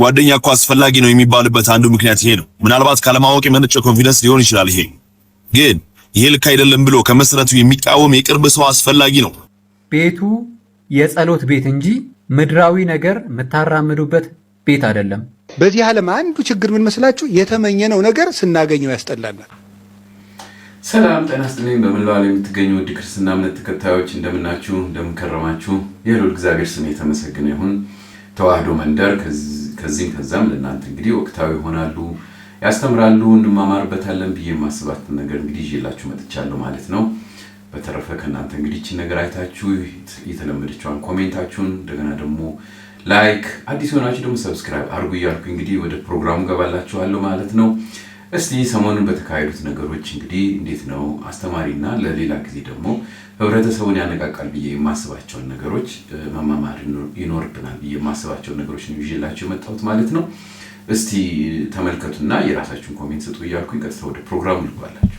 ጓደኛ እኮ አስፈላጊ ነው የሚባልበት አንዱ ምክንያት ይሄ ነው። ምናልባት ካለማወቅ የመነጨ ኮንፊደንስ ሊሆን ይችላል። ይሄ ግን ይሄ ልክ አይደለም ብሎ ከመሰረቱ የሚቃወም የቅርብ ሰው አስፈላጊ ነው። ቤቱ የጸሎት ቤት እንጂ ምድራዊ ነገር የምታራምዱበት ቤት አይደለም። በዚህ ዓለም አንዱ ችግር ምን መስላችሁ? የተመኘነው ነገር ስናገኘው ያስጠላናል። ሰላም ጤና ይስጥልኝ። በመላው የምትገኙ ውድ ክርስትና እምነት ተከታዮች እንደምናችሁ፣ እንደምንከረማችሁ የልዑል እግዚአብሔር ስም የተመሰገነ ይሁን። ተዋህዶ መንደር ከዚህም ከዛም ለእናንተ እንግዲህ ወቅታዊ ይሆናሉ፣ ያስተምራሉ፣ እንማማርበታለን ብዬ የማስባትን ነገር እንግዲህ ይዤላችሁ መጥቻለሁ ማለት ነው። በተረፈ ከእናንተ እንግዲህ ይችን ነገር አይታችሁ የተለመደችዋን ኮሜንታችሁን እንደገና ደግሞ ላይክ፣ አዲስ የሆናችሁ ደግሞ ሰብስክራይብ አድርጉ እያልኩ እንግዲህ ወደ ፕሮግራሙ ገባላችኋለሁ ማለት ነው። እስቲ ሰሞኑን በተካሄዱት ነገሮች እንግዲህ እንዴት ነው አስተማሪና ለሌላ ጊዜ ደግሞ ህብረተሰቡን ያነቃቃል ብዬ የማስባቸውን ነገሮች መማማር ይኖርብናል ብዬ የማስባቸውን ነገሮች ነው ይዤላቸው የመጣሁት ማለት ነው። እስቲ ተመልከቱና የራሳችሁን ኮሜንት ስጡ እያልኩኝ ቀጥታ ወደ ፕሮግራሙ ልጓላችሁ።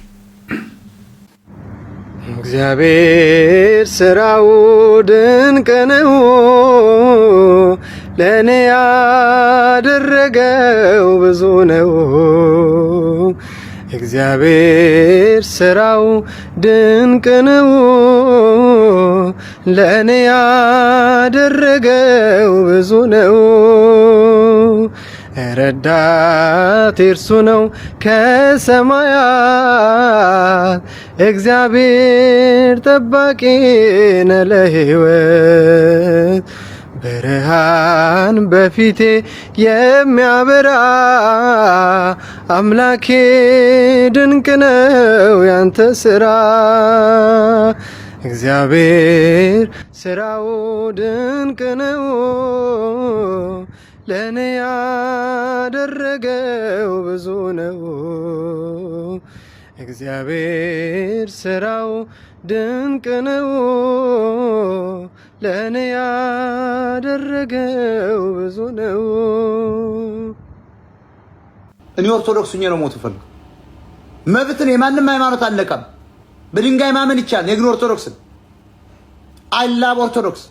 እግዚአብሔር ስራው ድንቅ ነው። ለእኔ ያደረገው ብዙ ነው። እግዚአብሔር ስራው ድንቅ ነው። ለእኔ ያደረገው ብዙ ነው። ረዳት እርሱ ነው ከሰማያት እግዚአብሔር ጠባቂ ነለህይወት ብርሃን በፊቴ የሚያበራ አምላኬ ድንቅ ነው ያንተ ስራ እግዚአብሔር ስራው ድንቅ ነው ለእኔ ያደረገው ብዙ ነው። እግዚአብሔር ስራው ድንቅ ነው ለእኔ ያደረገው ብዙ ነው። እኔ ኦርቶዶክስ ሁኜ ነው ሞት ፈልግ መብትን የማንም ሃይማኖት አልነካም። በድንጋይ ማመን ይቻል የግን ኦርቶዶክስን አይላብ ኦርቶዶክስ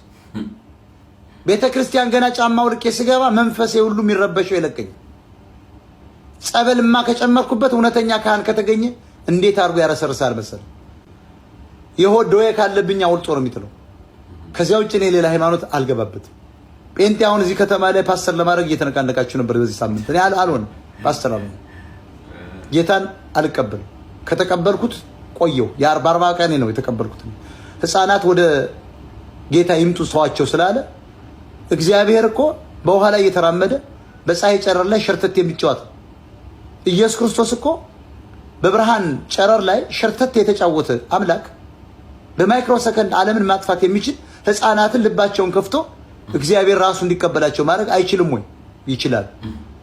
ቤተ ክርስቲያን ገና ጫማ ውልቄ ስገባ መንፈሴ ሁሉ የሚረበሸው የለቀኝ። ጸበልማ ከጨመርኩበት እውነተኛ ካህን ከተገኘ እንዴት አድርጎ ያረሰርሳል መሰል። የሆድ ደዌ ካለብኝ አውልጦ ነው የሚጥለው። ከዚያ ውጭ እኔ ሌላ ሃይማኖት አልገባበትም። ጴንጤ አሁን እዚህ ከተማ ላይ ፓስተር ለማድረግ እየተነቃነቃችሁ ነበር። በዚህ ሳምንት እኔ አልሆን ፓስተር አልሆንም። ጌታን አልቀበልም። ከተቀበልኩት ቆየው። የአርባ ቀኔ ነው የተቀበልኩት። ህፃናት ወደ ጌታ ይምጡ ሰዋቸው ስላለ እግዚአብሔር እኮ በውሃ ላይ እየተራመደ በፀሐይ ጨረር ላይ ሸርተት የሚጫወት ኢየሱስ ክርስቶስ እኮ በብርሃን ጨረር ላይ ሸርተት የተጫወተ አምላክ በማይክሮ ሰከንድ ዓለምን ማጥፋት የሚችል ህፃናትን ልባቸውን ከፍቶ እግዚአብሔር ራሱ እንዲቀበላቸው ማድረግ አይችልም ወይ? ይችላል።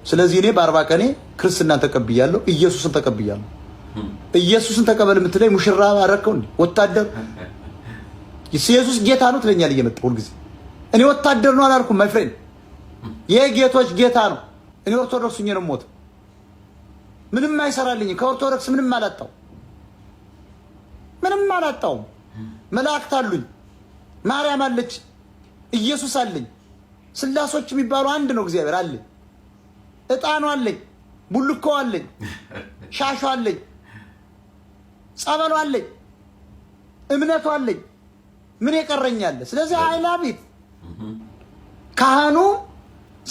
ስለዚህ እኔ በአርባ ቀኔ ክርስትናን ተቀብያለሁ፣ ኢየሱስን ተቀብያለሁ። ኢየሱስን ተቀበል የምትለኝ ሙሽራ አረከው እንዴ? ወታደር ኢየሱስ ጌታ ነው ትለኛል እየመጣ ሁልጊዜ። እኔ ወታደር ነው አላልኩም። ማይ ፍሬንድ ጌቶች ጌታ ነው። እኔ ኦርቶዶክስ ሆኜ ነው ሞት ምንም አይሰራልኝ። ከኦርቶዶክስ ምንም አላጣው፣ ምንም አላጣውም። መላእክት አሉኝ። ማርያም አለች፣ ኢየሱስ አለኝ፣ ስላሶች የሚባሉ አንድ ነው እግዚአብሔር አለኝ፣ እጣኑ አለኝ፣ ቡልኮ አለኝ፣ ሻሹ አለኝ፣ ጸበሉ አለኝ፣ እምነቱ አለኝ። ምን የቀረኛለ? ስለዚህ አይላ ቤት ካህኑ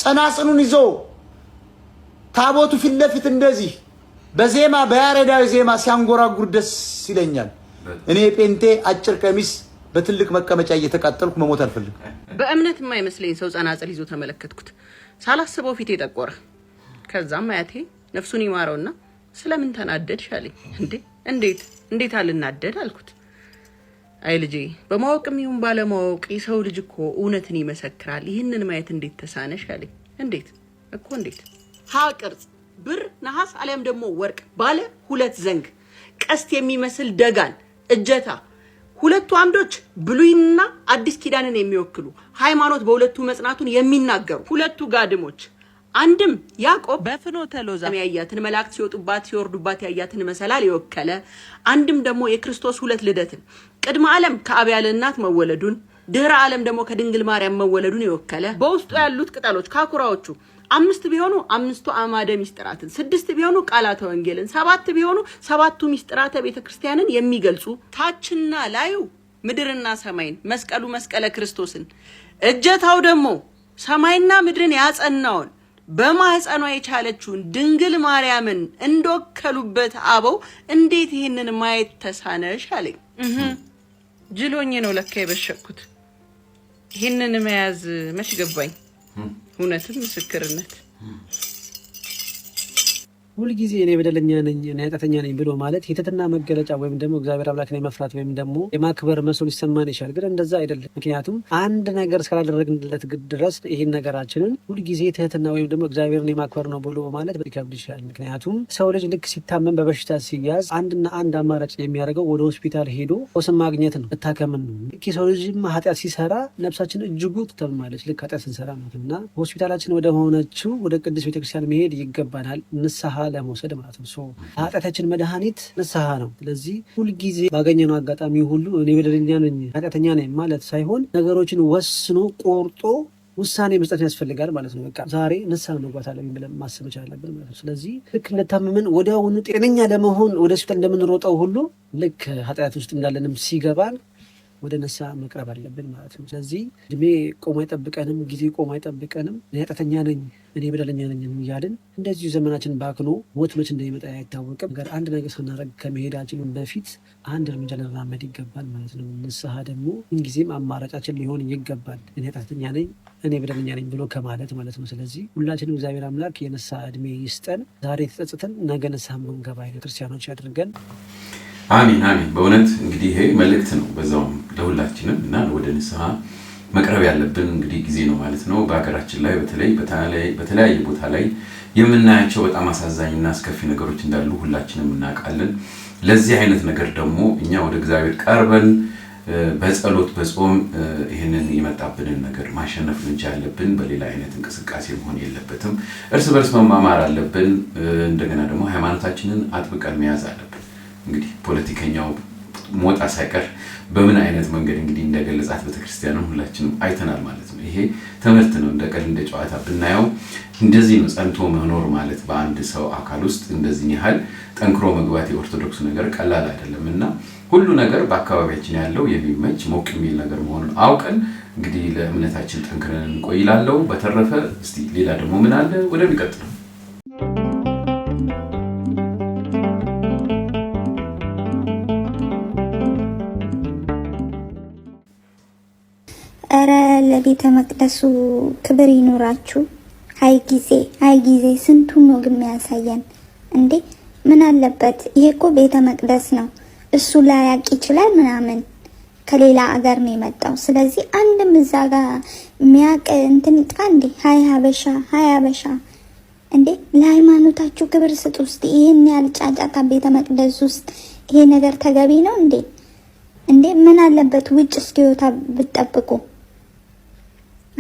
ጸናጽኑን ይዞ ታቦቱ ፊት ለፊት እንደዚህ በዜማ በያሬዳዊ ዜማ ሲያንጎራጉር ደስ ይለኛል። እኔ ጴንጤ አጭር ቀሚስ በትልቅ መቀመጫ እየተቃጠልኩ መሞት አልፈልግ። በእምነት የማይመስለኝ ሰው ጸናጽል ይዞ ተመለከትኩት። ሳላስበው ፊት የጠቆረ። ከዛም አያቴ ነፍሱን ይማረውና ስለምን ተናደድሽ አለኝ። እንዴ እንዴት እንዴት አልናደድ አልኩት። አይ ልጄ፣ በማወቅም ይሁን ባለማወቅ የሰው ልጅ እኮ እውነትን ይመሰክራል። ይህንን ማየት እንዴት ተሳነሽ አለኝ። እንዴት እኮ እንዴት ሀ ቅርጽ ብር፣ ነሐስ አሊያም ደግሞ ወርቅ ባለ ሁለት ዘንግ ቀስት የሚመስል ደጋን እጀታ ሁለቱ አምዶች ብሉይና አዲስ ኪዳንን የሚወክሉ ሃይማኖት በሁለቱ መጽናቱን የሚናገሩ ሁለቱ ጋድሞች አንድም ያዕቆብ በፍኖተ ሎዛ ያያትን መላእክት ሲወጡባት ሲወርዱባት ያያትን መሰላል የወከለ አንድም ደግሞ የክርስቶስ ሁለት ልደትን ቅድመ ዓለም ከአብ ያለ እናት መወለዱን ድህረ ዓለም ደግሞ ከድንግል ማርያም መወለዱን የወከለ በውስጡ ያሉት ቅጠሎች ካኩራዎቹ አምስት ቢሆኑ አምስቱ አማደ ሚስጥራትን፣ ስድስት ቢሆኑ ቃላተ ወንጌልን፣ ሰባት ቢሆኑ ሰባቱ ሚስጥራተ ቤተ ክርስቲያንን የሚገልጹ ታችና ላዩ ምድርና ሰማይን መስቀሉ መስቀለ ክርስቶስን እጀታው ደግሞ ሰማይና ምድርን ያጸናውን በማህፀኗ የቻለችውን ድንግል ማርያምን እንደወከሉበት አበው እንዴት ይህንን ማየት ተሳነሽ አለኝ። ጅሎኝ ነው ለካ የበሸኩት። ይህንን መያዝ መች ገባኝ። እውነትም ምስክርነት ሁልጊዜ እኔ በደለኛ ነኝ እኔ ኃጢአተኛ ነኝ ብሎ ማለት የትህትና መገለጫ ወይም ደግሞ እግዚአብሔር አምላክን የመፍራት ወይም ደግሞ የማክበር መስሎ ሊሰማን ይችላል። ግን እንደዛ አይደለም። ምክንያቱም አንድ ነገር እስካላደረግንለት ድረስ ይህን ነገራችንን ሁልጊዜ ትህትና ወይም ደግሞ እግዚአብሔርን የማክበር ነው ብሎ ማለት ሊከብድ ይችላል። ምክንያቱም ሰው ልጅ ልክ ሲታመን በበሽታ ሲያዝ አንድና አንድ አማራጭ የሚያደርገው ወደ ሆስፒታል ሄዶ ቁስን ማግኘት ነው፣ መታከምን ነው። ልክ የሰው ልጅም ኃጢአት ሲሰራ ነፍሳችን እጅጉ ትታመማለች። ልክ ኃጢአት ስንሰራ ማለት እና ሆስፒታላችን ወደሆነችው ወደ ቅድስት ቤተክርስቲያን መሄድ ይገባናል ንስሐ ለመውሰድ ማለት ነው። ኃጢአታችን መድኃኒት ንስሐ ነው። ስለዚህ ሁልጊዜ ባገኘነው አጋጣሚ ሁሉ እኔ በደለኛ ነኝ ኃጢአተኛ ነኝ ማለት ሳይሆን ነገሮችን ወስኖ ቆርጦ ውሳኔ መስጠት ያስፈልጋል ማለት ነው። በቃ ዛሬ ንስሐ መግባት አለብኝ ብለን ማሰብ አለብን ማለት ነው። ስለዚህ ልክ እንደታመምን ወዲያውኑ ጤነኛ ለመሆን ወደ ሆስፒታል እንደምንሮጠው ሁሉ ልክ ኃጢአት ውስጥ እንዳለንም ሲገባን ወደ ነሳ መቅረብ አለብን ማለት ነው። ስለዚህ እድሜ ቆሞ አይጠብቀንም፣ ጊዜ ቆሞ አይጠብቀንም። እኔ ኃጢአተኛ ነኝ፣ እኔ በደለኛ ነኝ እያልን እንደዚሁ ዘመናችን ባክኖ ሞት መች እንደሚመጣ አይታወቅም። ነገር አንድ ነገር ስናደርግ ከመሄዳችን በፊት አንድ እርምጃ ልንራመድ ይገባል ማለት ነው። ንስሐ ደግሞ ምንጊዜም አማራጫችን ሊሆን ይገባል። እኔ ኃጢአተኛ ነኝ፣ እኔ በደለኛ ነኝ ብሎ ከማለት ማለት ነው። ስለዚህ ሁላችንም እግዚአብሔር አምላክ የነሳ እድሜ ይስጠን። ዛሬ ተጸጽተን ነገ ነሳ መንገባ ክርስቲያኖች ያድርገን። አሚን አሚን። በእውነት እንግዲህ ይሄ መልእክት ነው በዛውም ለሁላችንም እና ወደ ንስሐ መቅረብ ያለብን እንግዲህ ጊዜ ነው ማለት ነው። በሀገራችን ላይ በተለይ በተለያየ ቦታ ላይ የምናያቸው በጣም አሳዛኝና አስከፊ ነገሮች እንዳሉ ሁላችንም እናውቃለን። ለዚህ አይነት ነገር ደግሞ እኛ ወደ እግዚአብሔር ቀርበን በጸሎት በጾም ይህንን የመጣብንን ነገር ማሸነፍ ብቻ ያለብን፣ በሌላ አይነት እንቅስቃሴ መሆን የለበትም። እርስ በርስ መማማር አለብን። እንደገና ደግሞ ሃይማኖታችንን አጥብቀን መያዝ አለብን። እንግዲህ ፖለቲከኛው ሞጣ ሳይቀር በምን አይነት መንገድ እንግዲህ እንደገለጻት ቤተክርስቲያንም ሁላችንም አይተናል ማለት ነው። ይሄ ትምህርት ነው። እንደ ቀልድ እንደ ጨዋታ ብናየው እንደዚህ ነው ጸንቶ መኖር ማለት በአንድ ሰው አካል ውስጥ እንደዚህ ያህል ጠንክሮ መግባት የኦርቶዶክሱ ነገር ቀላል አይደለም እና ሁሉ ነገር በአካባቢያችን ያለው የሚመች ሞቅ የሚል ነገር መሆኑን አውቀን እንግዲህ ለእምነታችን ጠንክረን እንቆይላለው። በተረፈ እስቲ ሌላ ደግሞ ምን አለ ወደሚቀጥለው ለቤተ መቅደሱ ክብር ይኖራችሁ። አይ ጊዜ አይ ጊዜ ስንቱን ነው ግን የሚያሳየን እንዴ! ምን አለበት? ይሄ እኮ ቤተ መቅደስ ነው። እሱ ላያቅ ይችላል ምናምን ከሌላ አገር ነው የመጣው። ስለዚህ አንድም እዛ ጋር እንትን ይጥፋ እንዴ! ሀይ ሀበሻ ሀይ ሀበሻ እንዴ! ለሃይማኖታችሁ ክብር ስጥ ውስጥ ይህን ያህል ጫጫታ ቤተ መቅደስ ውስጥ ይሄ ነገር ተገቢ ነው እንዴ? እንዴ ምን አለበት? ውጭ እስኪወታ ብትጠብቁ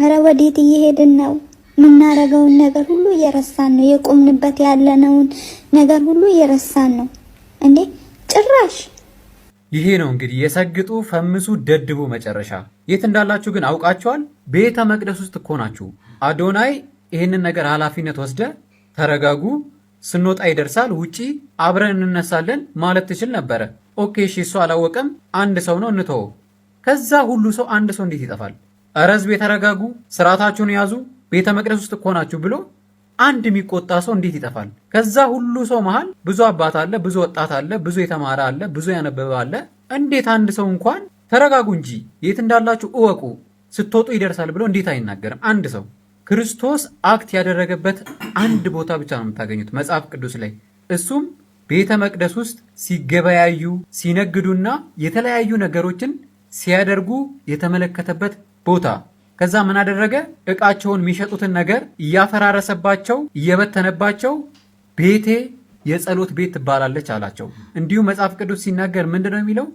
አረ ወዴት እየሄድን ነው? የምናረገውን ነገር ሁሉ እየረሳን ነው። የቆምንበት ያለነውን ነገር ሁሉ እየረሳን ነው እንዴ ጭራሽ። ይሄ ነው እንግዲህ የሰግጡ ፈምሱ ደድቡ መጨረሻ። የት እንዳላችሁ ግን አውቃችኋል። ቤተ መቅደስ ውስጥ እኮ ናችሁ። አዶናይ ይህንን ነገር ኃላፊነት ወስደ ተረጋጉ፣ ስንወጣ ይደርሳል፣ ውጪ አብረን እንነሳለን ማለት ትችል ነበረ። ኦኬ እሺ፣ እሱ አላወቀም። አንድ ሰው ነው እንተወው። ከዛ ሁሉ ሰው አንድ ሰው እንዴት ይጠፋል? እረ የተረጋጉ ስርዓታችሁን ያዙ ቤተ መቅደስ ውስጥ እኮ ናችሁ ብሎ አንድ የሚቆጣ ሰው እንዴት ይጠፋል? ከዛ ሁሉ ሰው መሃል ብዙ አባት አለ፣ ብዙ ወጣት አለ፣ ብዙ የተማረ አለ፣ ብዙ ያነበበ አለ። እንዴት አንድ ሰው እንኳን ተረጋጉ እንጂ የት እንዳላችሁ እወቁ፣ ስትወጡ ይደርሳል ብሎ እንዴት አይናገርም? አንድ ሰው ክርስቶስ አክት ያደረገበት አንድ ቦታ ብቻ ነው የምታገኙት መጽሐፍ ቅዱስ ላይ እሱም ቤተ መቅደስ ውስጥ ሲገበያዩ ሲነግዱና የተለያዩ ነገሮችን ሲያደርጉ የተመለከተበት ቦታ ከዛ ምን አደረገ? እቃቸውን የሚሸጡትን ነገር እያፈራረሰባቸው እየበተነባቸው ቤቴ የጸሎት ቤት ትባላለች አላቸው። እንዲሁም መጽሐፍ ቅዱስ ሲናገር ምንድን ነው የሚለው?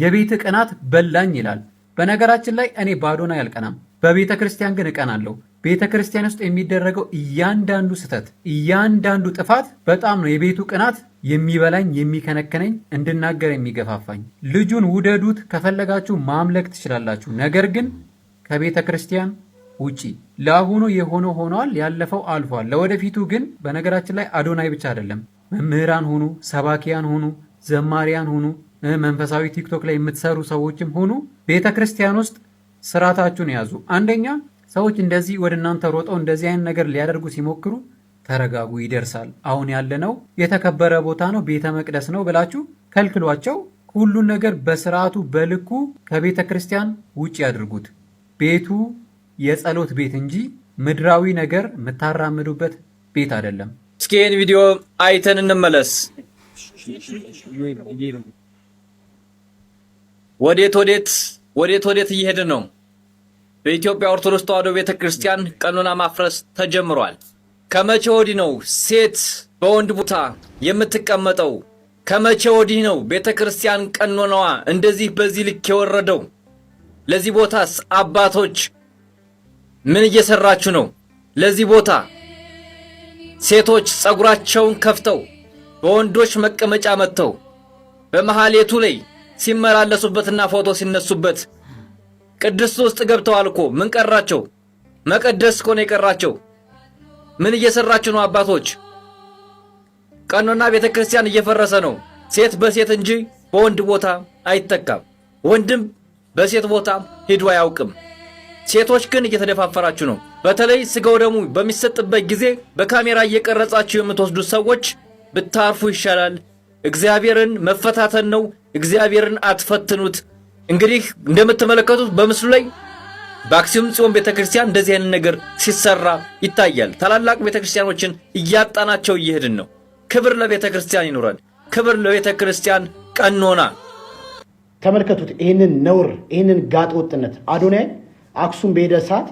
የቤት ቅናት በላኝ ይላል። በነገራችን ላይ እኔ ባዶና ያልቀናም፣ በቤተ ክርስቲያን ግን እቀናለሁ። ቤተ ክርስቲያን ውስጥ የሚደረገው እያንዳንዱ ስህተት፣ እያንዳንዱ ጥፋት በጣም ነው የቤቱ ቅናት የሚበላኝ የሚከነከነኝ፣ እንድናገር የሚገፋፋኝ። ልጁን ውደዱት፣ ከፈለጋችሁ ማምለክ ትችላላችሁ፣ ነገር ግን ከቤተ ክርስቲያን ውጪ ለአሁኑ የሆነ ሆኗል፣ ያለፈው አልፏል። ለወደፊቱ ግን በነገራችን ላይ አዶናይ ብቻ አይደለም። መምህራን ሁኑ፣ ሰባኪያን ሁኑ፣ ዘማሪያን ሁኑ፣ መንፈሳዊ ቲክቶክ ላይ የምትሰሩ ሰዎችም ሁኑ ቤተ ክርስቲያን ውስጥ ስርዓታችሁን ያዙ። አንደኛ ሰዎች እንደዚህ ወደ እናንተ ሮጠው እንደዚህ አይነት ነገር ሊያደርጉ ሲሞክሩ ተረጋጉ፣ ይደርሳል። አሁን ያለነው የተከበረ ቦታ ነው፣ ቤተ መቅደስ ነው ብላችሁ ከልክሏቸው። ሁሉን ነገር በስርዓቱ በልኩ ከቤተ ክርስቲያን ውጭ ያድርጉት። ቤቱ የጸሎት ቤት እንጂ ምድራዊ ነገር የምታራምዱበት ቤት አይደለም። እስኪ ይህን ቪዲዮ አይተን እንመለስ። ወዴት ወዴት ወዴት ወዴት እየሄድን ነው? በኢትዮጵያ ኦርቶዶክስ ተዋሕዶ ቤተ ክርስቲያን ቀኖና ማፍረስ ተጀምሯል። ከመቼ ወዲህ ነው ሴት በወንድ ቦታ የምትቀመጠው? ከመቼ ወዲህ ነው ቤተ ክርስቲያን ቀኖናዋ እንደዚህ በዚህ ልክ የወረደው? ለዚህ ቦታስ አባቶች ምን እየሰራችሁ ነው? ለዚህ ቦታ ሴቶች ጸጉራቸውን ከፍተው በወንዶች መቀመጫ መጥተው በመሐሌቱ ላይ ሲመላለሱበትና ፎቶ ሲነሱበት ቅድስት ውስጥ ገብተዋል እኮ ምን ቀራቸው? መቀደስ እኮ ነው የቀራቸው። ምን እየሰራችሁ ነው አባቶች? ቀኖና ቤተ ክርስቲያን እየፈረሰ ነው። ሴት በሴት እንጂ በወንድ ቦታ አይተካም። ወንድም በሴት ቦታም ሄዶ አያውቅም። ሴቶች ግን እየተደፋፈራችሁ ነው። በተለይ ስጋው ደሙ በሚሰጥበት ጊዜ በካሜራ እየቀረጻችሁ የምትወስዱት ሰዎች ብታርፉ ይሻላል። እግዚአብሔርን መፈታተን ነው። እግዚአብሔርን አትፈትኑት። እንግዲህ እንደምትመለከቱት በምስሉ ላይ በአክሱም ጽዮን ቤተ ክርስቲያን እንደዚህ አይነት ነገር ሲሰራ ይታያል። ታላላቅ ቤተ ክርስቲያኖችን እያጣናቸው እየሄድን ነው። ክብር ለቤተ ክርስቲያን ይኖራል። ክብር ለቤተ ክርስቲያን ቀኖና ተመልከቱት። ይህንን ነውር፣ ይህንን ጋጥ ወጥነት አዶናይ አክሱም በሄደ ሰዓት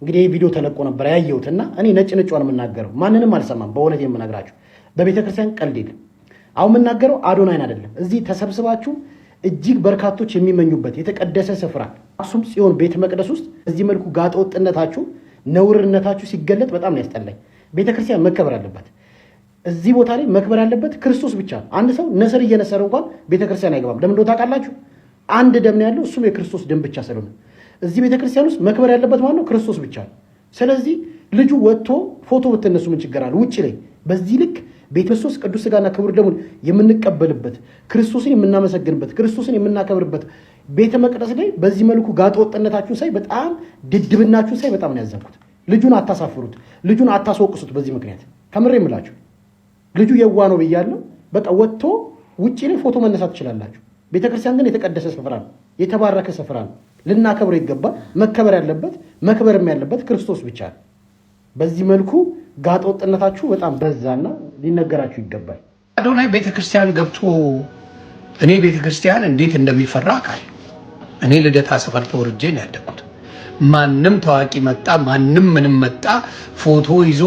እንግዲህ ቪዲዮ ተለቆ ነበር ያየሁት እና እኔ ነጭ ነጭዋን የምናገረው ማንንም አልሰማም። በእውነት የምነግራችሁ በቤተክርስቲያን ቀልድ የለም። አሁን የምናገረው አዶናይን አይደለም። እዚህ ተሰብስባችሁ እጅግ በርካቶች የሚመኙበት የተቀደሰ ስፍራ አክሱም ጽዮን ቤተ መቅደስ ውስጥ እዚህ መልኩ ጋጥ ወጥነታችሁ፣ ነውርነታችሁ ሲገለጥ በጣም ነው ያስጠላኝ። ቤተክርስቲያን መከበር አለበት። እዚህ ቦታ ላይ መክበር ያለበት ክርስቶስ ብቻ ነው። አንድ ሰው ነስር እየነሰረ እንኳን ቤተክርስቲያን አይገባም። ለምን እንደሆነ ታውቃላችሁ? አንድ ደም ነው ያለው፣ እሱም የክርስቶስ ደም ብቻ ስለሆነ እዚህ ቤተክርስቲያን ውስጥ መክበር ያለበት ማለት ነው ክርስቶስ ብቻ ነው። ስለዚህ ልጁ ወጥቶ ፎቶ ብትነሱ ምን ችግር አለ? ውጭ ላይ በዚህ ልክ ቤተ ክርስቶስ ቅዱስ ስጋና ክቡር ደሙን የምንቀበልበት ክርስቶስን የምናመሰግንበት ክርስቶስን የምናከብርበት ቤተ መቅደስ ላይ በዚህ መልኩ ጋጠ ወጥነታችሁን ሳይ በጣም ድድብናችሁን ሳይ በጣም ነው ያዘንኩት። ልጁን አታሳፍሩት፣ ልጁን አታስወቅሱት። በዚህ ምክንያት ከምሬ የምላችሁ ልጁ የዋ ነው ብያለሁ። በቃ ወጥቶ ውጭ ላይ ፎቶ መነሳት ትችላላችሁ። ቤተክርስቲያን ግን የተቀደሰ ስፍራ ነው፣ የተባረከ ስፍራ ነው። ልናከብረው ይገባል። መከበር ያለበት መክበርም ያለበት ክርስቶስ ብቻ ነው። በዚህ መልኩ ጋጠ በጣም በዛና ሊነገራችሁ ይገባል። አዶናይ ቤተክርስቲያን ገብቶ እኔ ቤተክርስቲያን እንዴት እንደሚፈራ አውቃለሁ። እኔ ልደታ ሰፈር ተወርጄ ነው ያደኩት። ማንም ታዋቂ መጣ፣ ማንም ምንም መጣ፣ ፎቶ ይዞ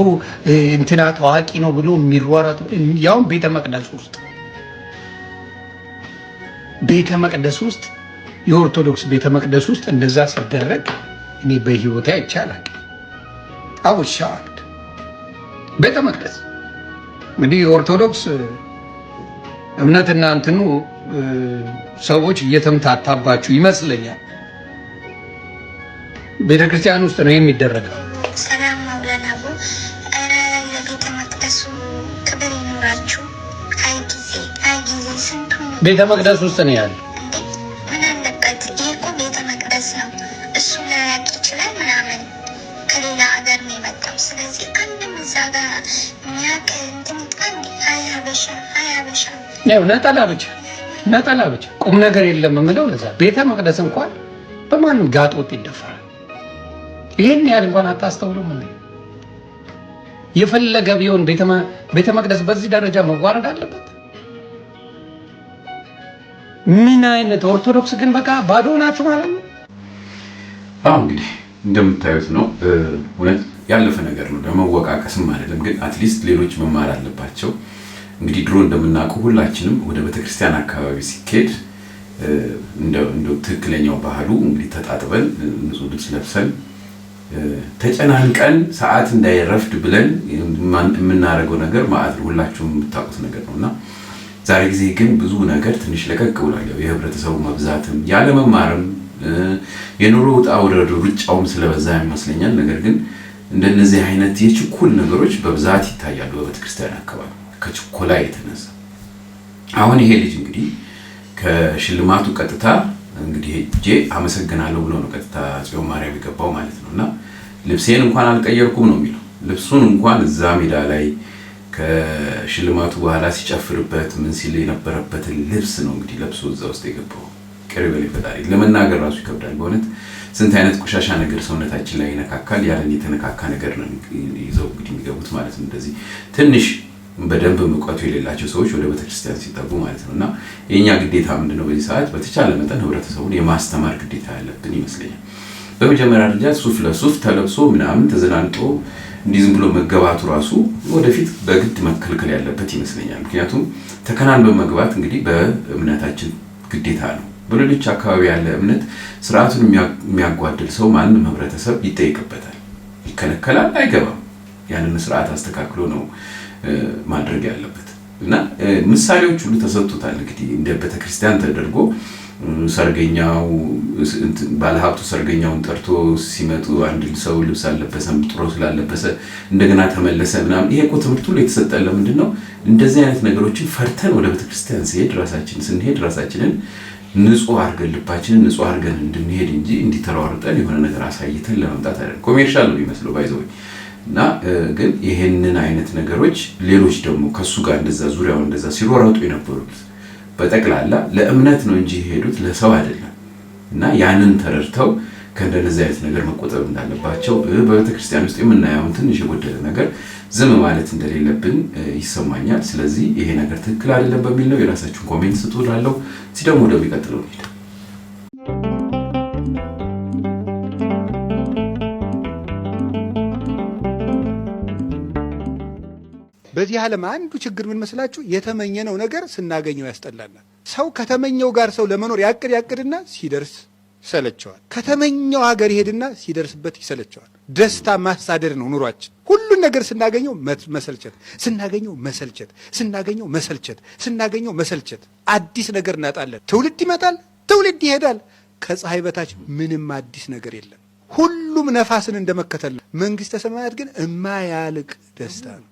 እንትና ታዋቂ ነው ብሎ የሚሯሯጥ ያውም ቤተ መቅደስ ውስጥ ቤተ መቅደስ ውስጥ የኦርቶዶክስ ቤተ መቅደስ ውስጥ እንደዛ ሲደረግ እኔ በህይወት አይቻላል። አውሻዋል ቤተ መቅደስ እንግዲህ የኦርቶዶክስ እምነትና እንትኑ ሰዎች እየተምታታባችሁ ይመስለኛል። ቤተክርስቲያን ውስጥ ነው የሚደረገው። ቤተ መቅደስ ውስጥ ነው ያለ። ምን አለበት? እኮ ቤተ መቅደስ ነው። እሱ ይችላል ምናምን ከሌላ ሀገር ነው የመጣው። ስለዚህ አንድም እዛ ጋር ነጠላ ብቻ ነጠላ ብቻ ቁም ነገር የለም የምለው ለዛ ቤተ መቅደስ እንኳን በማን ጋጥ ወጥ ይደፈራል። ይህን ያህል እንኳን አታስተውሉም። የፈለገ ቢሆን ቤተ መቅደስ በዚህ ደረጃ መዋረድ አለበት። ምን አይነት ኦርቶዶክስ ግን በቃ ባዶ ናችሁ ማለት ነው። አሁ እንግዲህ እንደምታዩት ነው። እውነት ያለፈ ነገር ነው፣ ለመወቃቀስም አይደለም። ግን አትሊስት ሌሎች መማር አለባቸው። እንግዲህ ድሮ እንደምናውቀው ሁላችንም ወደ ቤተክርስቲያን አካባቢ ሲኬድ እንደው ትክክለኛው ባህሉ እንግዲህ ተጣጥበን ንጹህ ልብስ ለብሰን ተጨናንቀን ሰዓት እንዳይረፍድ ብለን የምናደርገው ነገር ማለት ሁላችሁም የምታውቁት ነገር ነው እና ዛሬ ጊዜ ግን ብዙ ነገር ትንሽ ለቀቅ ብሏል። ያው የህብረተሰቡ መብዛትም ያለመማርም የኑሮ ውጣ ውረዱ ሩጫውም ስለበዛ ይመስለኛል። ነገር ግን እንደነዚህ አይነት የችኩል ነገሮች በብዛት ይታያሉ በቤተክርስቲያን አካባቢ ከችኮላ የተነሳ አሁን ይሄ ልጅ እንግዲህ ከሽልማቱ ቀጥታ እንግዲህ እጄ አመሰግናለሁ ብሎ ነው ቀጥታ ጽዮን ማርያም የገባው ማለት ነው። እና ልብሴን እንኳን አልቀየርኩም ነው የሚለው ልብሱን እንኳን እዛ ሜዳ ላይ ከሽልማቱ በኋላ ሲጨፍርበት ምን ሲል የነበረበትን ልብስ ነው እንግዲህ ለብሶ እዛ ውስጥ የገባው። ቅርብ ፈጣሪ ለመናገር ራሱ ይከብዳል በእውነት ስንት አይነት ቆሻሻ ነገር ሰውነታችን ላይ ይነካካል። ያለን የተነካካ ነገር ነው ይዘው እንግዲህ የሚገቡት ማለት ነው። እንደዚህ ትንሽ በደንብ እውቀቱ የሌላቸው ሰዎች ወደ ቤተክርስቲያን ሲጠጉ ማለት ነው። እና የእኛ ግዴታ ምንድነው? በዚህ ሰዓት በተቻለ መጠን ህብረተሰቡን የማስተማር ግዴታ ያለብን ይመስለኛል። በመጀመሪያ ደረጃ ሱፍ ለሱፍ ተለብሶ ምናምን ተዘናንጦ እንዲህ ዝም ብሎ መገባቱ ራሱ ወደፊት በግድ መከልከል ያለበት ይመስለኛል። ምክንያቱም ተከናን በመግባት እንግዲህ በእምነታችን ግዴታ ነው። በሌሎች አካባቢ ያለ እምነት ስርዓቱን የሚያጓድል ሰው ማንም ህብረተሰብ ይጠይቅበታል፣ ይከለከላል፣ አይገባም። ያንን ስርዓት አስተካክሎ ነው ማድረግ ያለበት እና ምሳሌዎች ሁሉ ተሰጥቶታል። እንግዲህ እንደ ቤተክርስቲያን ተደርጎ ሰርገኛው ባለሀብቱ ሰርገኛውን ጠርቶ ሲመጡ አንድ ሰው ልብስ አልለበሰም፣ ጥሮ ስላለበሰ እንደገና ተመለሰ ምናምን። ይሄ እኮ ትምህርት ሁሉ የተሰጠ ለምንድን ነው? እንደዚህ አይነት ነገሮችን ፈርተን ወደ ቤተክርስቲያን ሲሄድ ራሳችን ስንሄድ ራሳችንን ንጹህ አድርገን ልባችንን ንጹህ አድርገን እንድንሄድ እንጂ እንዲተሯርጠን የሆነ ነገር አሳይተን ለመምጣት አይደለም። ኮሜርሻል ነው የሚመስለው ባይዘ እና ግን ይህንን አይነት ነገሮች ሌሎች ደግሞ ከሱ ጋር እንደዛ ዙሪያውን እንደዛ ሲሯረጡ የነበሩት በጠቅላላ ለእምነት ነው እንጂ የሄዱት ለሰው አይደለም እና ያንን ተረድተው ከእንደነዚህ አይነት ነገር መቆጠብ እንዳለባቸው በቤተክርስቲያን ውስጥ የምናየውን ትንሽ የጎደለ ነገር ዝም ማለት እንደሌለብን ይሰማኛል። ስለዚህ ይሄ ነገር ትክክል አይደለም በሚል ነው። የራሳችሁን ኮሜንት ስጡ እላለሁ። እስኪ ደግሞ ወደሚቀጥለው እንሂድ። በዚህ ዓለም አንዱ ችግር ምን መስላችሁ? የተመኘነው ነገር ስናገኘው ያስጠላናል። ሰው ከተመኘው ጋር ሰው ለመኖር ያቅድ ያቅድና ሲደርስ ይሰለቸዋል። ከተመኘው ሀገር ይሄድና ሲደርስበት ይሰለቸዋል። ደስታ ማሳደድ ነው ኑሯችን። ሁሉን ነገር ስናገኘው መሰልቸት፣ ስናገኘው መሰልቸት፣ ስናገኘው መሰልቸት፣ ስናገኘው መሰልቸት። አዲስ ነገር እናጣለን። ትውልድ ይመጣል፣ ትውልድ ይሄዳል። ከፀሐይ በታች ምንም አዲስ ነገር የለም። ሁሉም ነፋስን እንደመከተል ነው። መንግሥተ ሰማያት ግን እማያልቅ ደስታ ነው።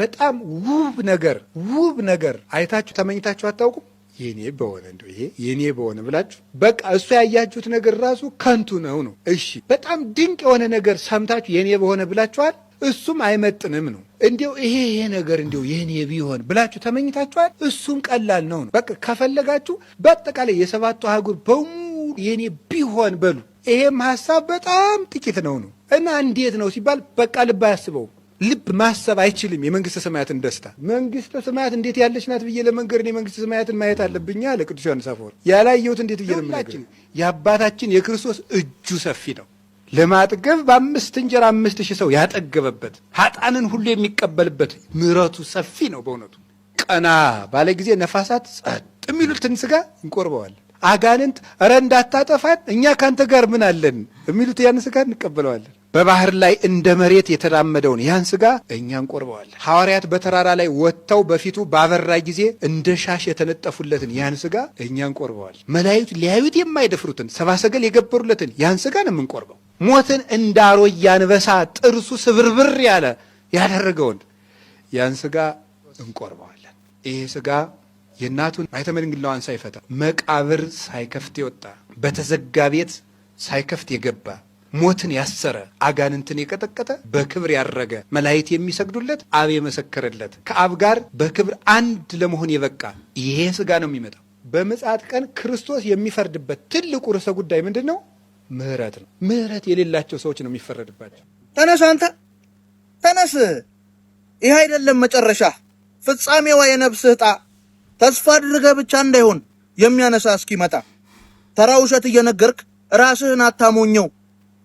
በጣም ውብ ነገር ውብ ነገር አይታችሁ ተመኝታችሁ አታውቁም? የኔ በሆነ እንደው ይሄ የኔ በሆነ ብላችሁ በቃ እሱ ያያችሁት ነገር ራሱ ከንቱ ነው ነው። እሺ በጣም ድንቅ የሆነ ነገር ሰምታችሁ የኔ በሆነ ብላችኋል። እሱም አይመጥንም ነው። እንዲው ይሄ ይሄ ነገር እንዲው የኔ ቢሆን ብላችሁ ተመኝታችኋል። እሱም ቀላል ነው ነው። በቃ ከፈለጋችሁ በአጠቃላይ የሰባቱ አህጉር በሙሉ የኔ ቢሆን በሉ። ይሄም ሀሳብ በጣም ጥቂት ነው ነው እና እንዴት ነው ሲባል በቃ ልብ አያስበውም። ልብ ማሰብ አይችልም የመንግስተ ሰማያትን ደስታ። መንግስተ ሰማያት እንዴት ያለች ናት ብዬ ለመንገር እኔ መንግስተ ሰማያትን ማየት አለብኝ አለ ቅዱስ ዮሐንስ አፈወርቅ። ያላየሁት እንዴት ብዬ ለመንገር። የአባታችን የክርስቶስ እጁ ሰፊ ነው ለማጥገብ በአምስት እንጀራ አምስት ሺህ ሰው ያጠገበበት ሀጣንን ሁሉ የሚቀበልበት ምረቱ ሰፊ ነው። በእውነቱ ቀና ባለ ጊዜ ነፋሳት ጸጥ የሚሉትን ስጋ እንቆርበዋል። አጋንንት እረ እንዳታጠፋን እኛ ከአንተ ጋር ምን አለን የሚሉት ያን ስጋ እንቀበለዋለን። በባህር ላይ እንደ መሬት የተራመደውን ያን ስጋ እኛ እንቆርበዋለን። ሐዋርያት በተራራ ላይ ወጥተው በፊቱ ባበራ ጊዜ እንደ ሻሽ የተነጠፉለትን ያን ስጋ እኛ እንቆርበዋለን። መላዩት ሊያዩት የማይደፍሩትን ሰባሰገል የገበሩለትን ያን ስጋ ነው የምንቆርበው። ሞትን እንደ አሮጌ አንበሳ ጥርሱ ስብርብር ያለ ያደረገውን ያን ስጋ እንቆርበዋለን። ይህ ስጋ የእናቱን ማኅተመ ድንግልናዋን ሳይፈታ መቃብር ሳይከፍት የወጣ በተዘጋ ቤት ሳይከፍት የገባ ሞትን ያሰረ አጋንንትን የቀጠቀጠ በክብር ያረገ መላእክት የሚሰግዱለት አብ የመሰከረለት ከአብ ጋር በክብር አንድ ለመሆን የበቃ ይሄ ስጋ ነው የሚመጣው። በምጽአት ቀን ክርስቶስ የሚፈርድበት ትልቁ ርዕሰ ጉዳይ ምንድን ነው? ምህረት ነው። ምህረት የሌላቸው ሰዎች ነው የሚፈረድባቸው። ተነስ አንተ ተነስ፣ ይህ አይደለም መጨረሻ ፍጻሜዋ የነፍስህ ዕጣ ተስፋ አድርገህ ብቻ እንዳይሆን የሚያነሳ እስኪመጣ ተራ ውሸት እየነገርክ ራስህን አታሞኘው።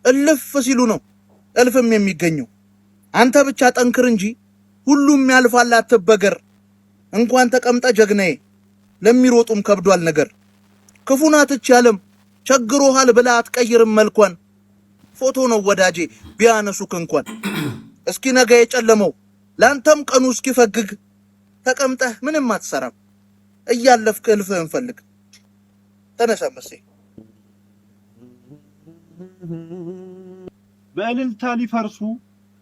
እልፍ ሲሉ ነው እልፍም የሚገኘው። አንተ ብቻ ጠንክር እንጂ ሁሉም ያልፋል አትበገር። እንኳን ተቀምጠ ጀግናዬ ለሚሮጡም ከብዷል ነገር። ክፉናትች ያለም ቸግሮሃል ብላ አትቀይርም መልኳን። ፎቶ ነው ወዳጄ ቢያነሱክ እንኳን እስኪ ነገ የጨለመው ላንተም ቀኑ እስኪፈግግ ተቀምጠህ ምንም አትሰራም። እያለፍክ እልፍህን ፈልግ። ተነሳ መሴ በእልልታ ሊፈርሱ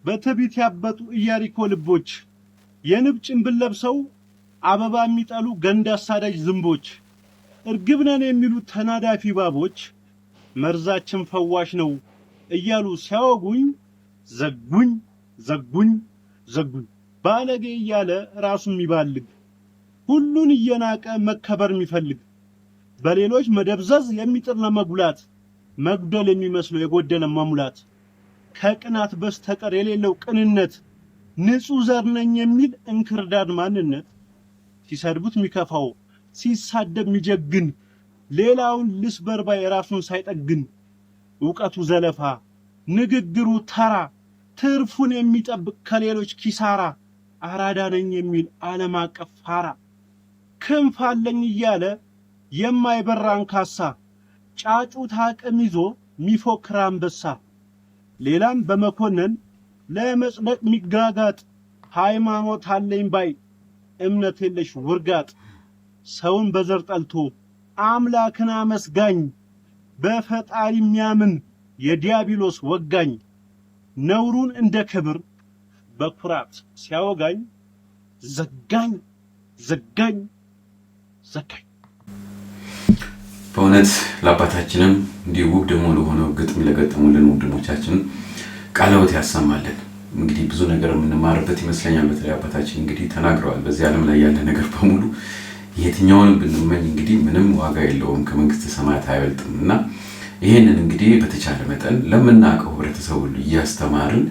በትቢት ያበጡ ኢያሪኮ ልቦች የንብ ጭንብል ለብሰው አበባ የሚጠሉ ገንዳ አሳዳጅ ዝንቦች እርግብነን የሚሉ ተናዳፊ ባቦች መርዛችን ፈዋሽ ነው እያሉ ሲያወጉኝ ዘጉኝ ዘጉኝ ዘጉኝ ባለጌ እያለ ራሱ የሚባልግ ሁሉን እየናቀ መከበር የሚፈልግ በሌሎች መደብዘዝ የሚጥር ለመጉላት መጉደል የሚመስለው የጎደለ መሙላት ከቅናት በስተቀር የሌለው ቅንነት ንጹህ ዘር ነኝ የሚል እንክርዳድ ማንነት ሲሰድቡት የሚከፋው ሲሳደብ የሚጀግን ሌላውን ልስበርባ የራሱን ሳይጠግን እውቀቱ ዘለፋ ንግግሩ ተራ ትርፉን የሚጠብቅ ከሌሎች ኪሳራ አራዳ ነኝ የሚል ዓለም አቀፍ ፋራ ክንፍ አለኝ እያለ የማይበራን አንካሳ ጫጩት አቅም ይዞ ሚፎክር አንበሳ፣ ሌላም በመኮንን ለመጽደቅ ሚጋጋጥ ሃይማኖት አለኝ ባይ እምነት የለሽ ውርጋጥ፣ ሰውን በዘር ጠልቶ አምላክን አመስጋኝ በፈጣሪ የሚያምን የዲያብሎስ ወጋኝ ነውሩን እንደ ክብር በኩራት ሲያወጋኝ ዘጋኝ ዘጋኝ ዘጋኝ። በእውነት ለአባታችንም እንዲህ ውብ ደግሞ ለሆነው ግጥም ለገጠሙልን ወንድሞቻችን ቃለወት ያሰማልን። እንግዲህ ብዙ ነገር የምንማርበት ይመስለኛል። በተለይ አባታችን እንግዲህ ተናግረዋል። በዚህ ዓለም ላይ ያለ ነገር በሙሉ የትኛውን ብንመኝ እንግዲህ ምንም ዋጋ የለውም ከመንግስት ሰማያት አይበልጥም እና ይህንን እንግዲህ በተቻለ መጠን ለምናውቀው ህብረተሰቡ እያስተማርን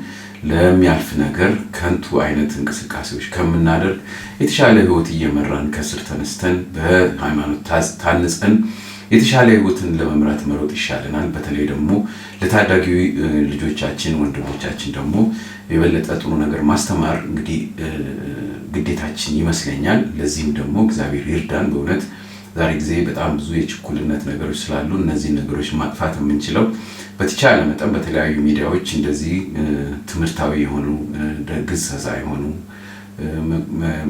ለሚያልፍ ነገር ከንቱ አይነት እንቅስቃሴዎች ከምናደርግ የተሻለ ህይወት እየመራን ከስር ተነስተን በሃይማኖት ታንፀን የተሻለ ህይወትን ለመምራት መሮጥ ይሻለናል። በተለይ ደግሞ ለታዳጊ ልጆቻችን፣ ወንድሞቻችን ደግሞ የበለጠ ጥሩ ነገር ማስተማር እንግዲህ ግዴታችን ይመስለኛል። ለዚህም ደግሞ እግዚአብሔር ይርዳን በእውነት ዛሬ ጊዜ በጣም ብዙ የችኩልነት ነገሮች ስላሉ እነዚህን ነገሮች ማጥፋት የምንችለው በተቻለ መጠን በተለያዩ ሚዲያዎች እንደዚህ ትምህርታዊ የሆኑ ገሰሳ የሆኑ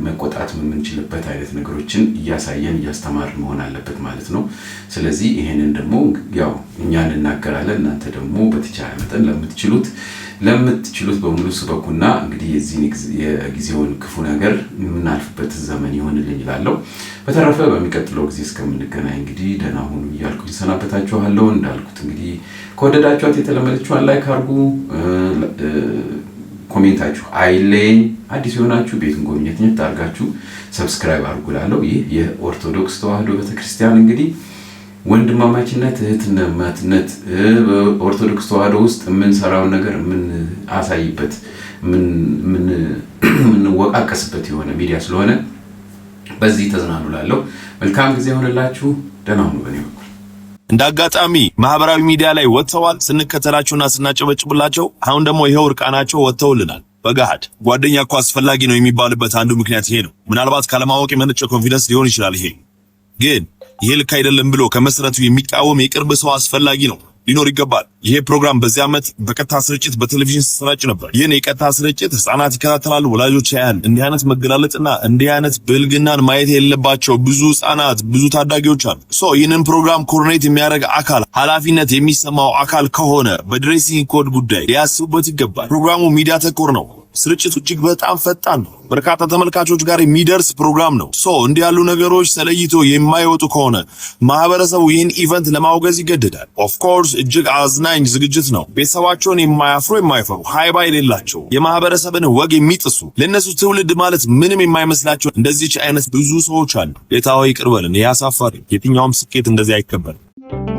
መቆጣት የምንችልበት አይነት ነገሮችን እያሳየን እያስተማር መሆን አለበት ማለት ነው። ስለዚህ ይሄንን ደግሞ ያው እኛ እንናገራለን፣ እናንተ ደግሞ በተቻለ መጠን ለምትችሉት ለምትችሉት በሙሉ ስበኩና እንግዲህ የዚህን የጊዜውን ክፉ ነገር የምናልፍበት ዘመን ይሆንልኝ ይላለው። በተረፈ በሚቀጥለው ጊዜ እስከምንገናኝ እንግዲህ ደህና ሁኑ እያልኩ ሰናበታችኋለሁ። እንዳልኩት እንግዲህ ከወደዳችኋት የተለመደችኋን ላይክ አድርጉ። ኮሜንታችሁ አይለየኝ። አዲስ የሆናችሁ ቤቱን ጎብኘትኘት ታርጋችሁ ሰብስክራይብ አድርጉ ይህ የኦርቶዶክስ ተዋህዶ ቤተክርስቲያን እንግዲህ ወንድማማችነት፣ እህትማማችነት በኦርቶዶክስ ተዋህዶ ውስጥ የምንሰራውን ነገር የምንአሳይበት የምንወቃቀስበት የሆነ ሚዲያ ስለሆነ በዚህ ተዝናኑ መልካም ጊዜ ሆንላችሁ። ደህና ሁኑ በኔ እንደ አጋጣሚ ማህበራዊ ሚዲያ ላይ ወጥተዋል። ስንከተላቸውና ስናጨበጭብላቸው አሁን ደግሞ ይኸው እርቃናቸው ወጥተውልናል በገሃድ። ጓደኛ እኮ አስፈላጊ ነው የሚባልበት አንዱ ምክንያት ይሄ ነው። ምናልባት ካለማወቅ የመነጨ ኮንፊደንስ ሊሆን ይችላል። ይሄ ግን ይሄ ልክ አይደለም ብሎ ከመሰረቱ የሚቃወም የቅርብ ሰው አስፈላጊ ነው። ሊኖር ይገባል። ይሄ ፕሮግራም በዚህ ዓመት በቀጥታ ስርጭት በቴሌቪዥን ሲሰራጭ ነበር። ይህን የቀጥታ ስርጭት ህጻናት ይከታተላሉ፣ ወላጆች ያያል። እንዲህ አይነት መገላለጥና እንዲህ አይነት ብልግናን ማየት የሌለባቸው ብዙ ህጻናት፣ ብዙ ታዳጊዎች አሉ። ሶ ይህንን ፕሮግራም ኮርኔት የሚያደርግ አካል ኃላፊነት የሚሰማው አካል ከሆነ በድሬሲንግ ኮድ ጉዳይ ሊያስቡበት ይገባል። ፕሮግራሙ ሚዲያ ተኮር ነው። ስርጭቱ እጅግ በጣም ፈጣን ነው። በርካታ ተመልካቾች ጋር የሚደርስ ፕሮግራም ነው። ሶ እንዲህ ያሉ ነገሮች ተለይቶ የማይወጡ ከሆነ ማህበረሰቡ ይህን ኢቨንት ለማውገዝ ይገደዳል። ኦፍኮርስ እጅግ አዝናኝ ዝግጅት ነው። ቤተሰባቸውን የማያፍሩ የማይፈሩ ሃይባ የሌላቸው የማህበረሰብን ወግ የሚጥሱ ለእነሱ ትውልድ ማለት ምንም የማይመስላቸው እንደዚች አይነት ብዙ ሰዎች አሉ። ጌታ ሆይ ይቅር ያሳፋሪ። የትኛውም ስኬት እንደዚህ አይከበርም።